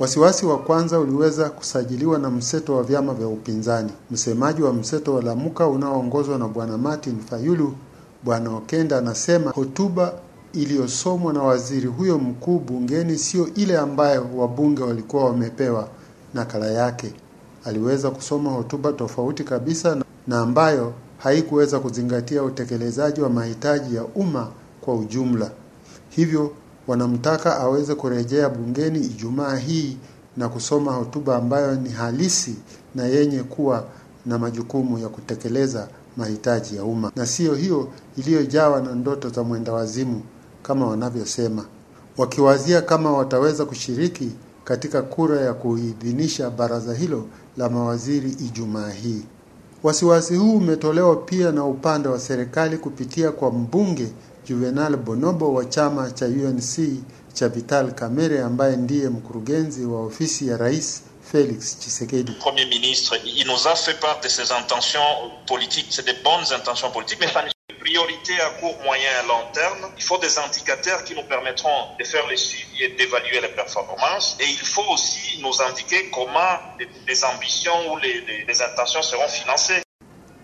Wasiwasi wa kwanza uliweza kusajiliwa na mseto wa vyama vya upinzani. Msemaji wa mseto wa Lamuka unaoongozwa na Bwana Martin Fayulu, Bwana Okenda anasema hotuba iliyosomwa na waziri huyo mkuu bungeni sio ile ambayo wabunge walikuwa wamepewa nakala yake. Aliweza kusoma hotuba tofauti kabisa na ambayo haikuweza kuzingatia utekelezaji wa mahitaji ya umma kwa ujumla. Hivyo wanamtaka aweze kurejea bungeni Ijumaa hii na kusoma hotuba ambayo ni halisi na yenye kuwa na majukumu ya kutekeleza mahitaji ya umma na siyo hiyo iliyojawa na ndoto za mwendawazimu kama wanavyosema, wakiwazia kama wataweza kushiriki katika kura ya kuidhinisha baraza hilo la mawaziri Ijumaa hii. Wasiwasi huu umetolewa pia na upande wa serikali kupitia kwa mbunge Juvenal Bonobo wa chama cha UNC ndiye mkurugenzi wa ofisi Premier ministre, il nous a fait part de ses intentions politiques, c'est des bonnes intentions politiques, mais ça priorité à court, moyen et long terme. Il faut des indicateurs qui nous permettront de faire les suivi et d'évaluer les performances. Et il faut aussi nous indiquer comment les, ambitions ou les intentions seront financées.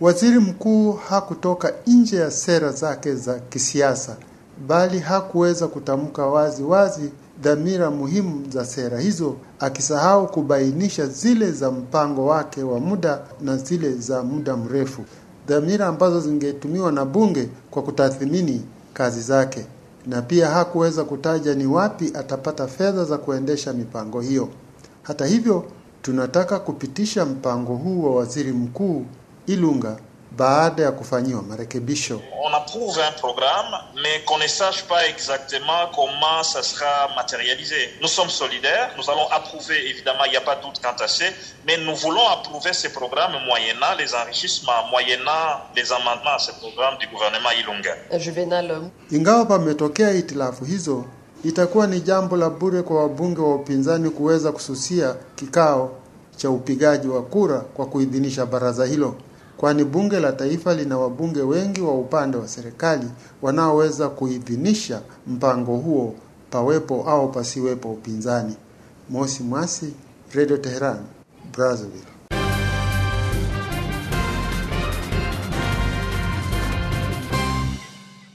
Waziri mkuu hakutoka nje ya sera zake za kisiasa, bali hakuweza kutamka wazi wazi dhamira muhimu za sera hizo, akisahau kubainisha zile za mpango wake wa muda na zile za muda mrefu, dhamira ambazo zingetumiwa na bunge kwa kutathmini kazi zake. Na pia hakuweza kutaja ni wapi atapata fedha za kuendesha mipango hiyo. Hata hivyo, tunataka kupitisha mpango huu wa waziri mkuu Ilunga baada ya kufanyiwa marekebisho. On approuve un programme mais qu'on ne sache pas exactement comment ça sera matérialisé. Nous sommes solidaires, nous allons approuver évidemment, il n'y a pas doute quant à ça, mais nous voulons approuver ces programmes moyennant les enrichissements, moyennant les amendements à ces programmes du gouvernement Ilunga. Juvenal. Ingawa pametokea itilafu hizo, itakuwa ni jambo la bure kwa wabunge wa upinzani kuweza kususia kikao cha upigaji wa kura kwa kuidhinisha baraza hilo kwani bunge la taifa lina wabunge wengi wa upande wa serikali wanaoweza kuidhinisha mpango huo pawepo au pasiwepo upinzani. Mosi Mwasi, Radio teheran Brazzaville.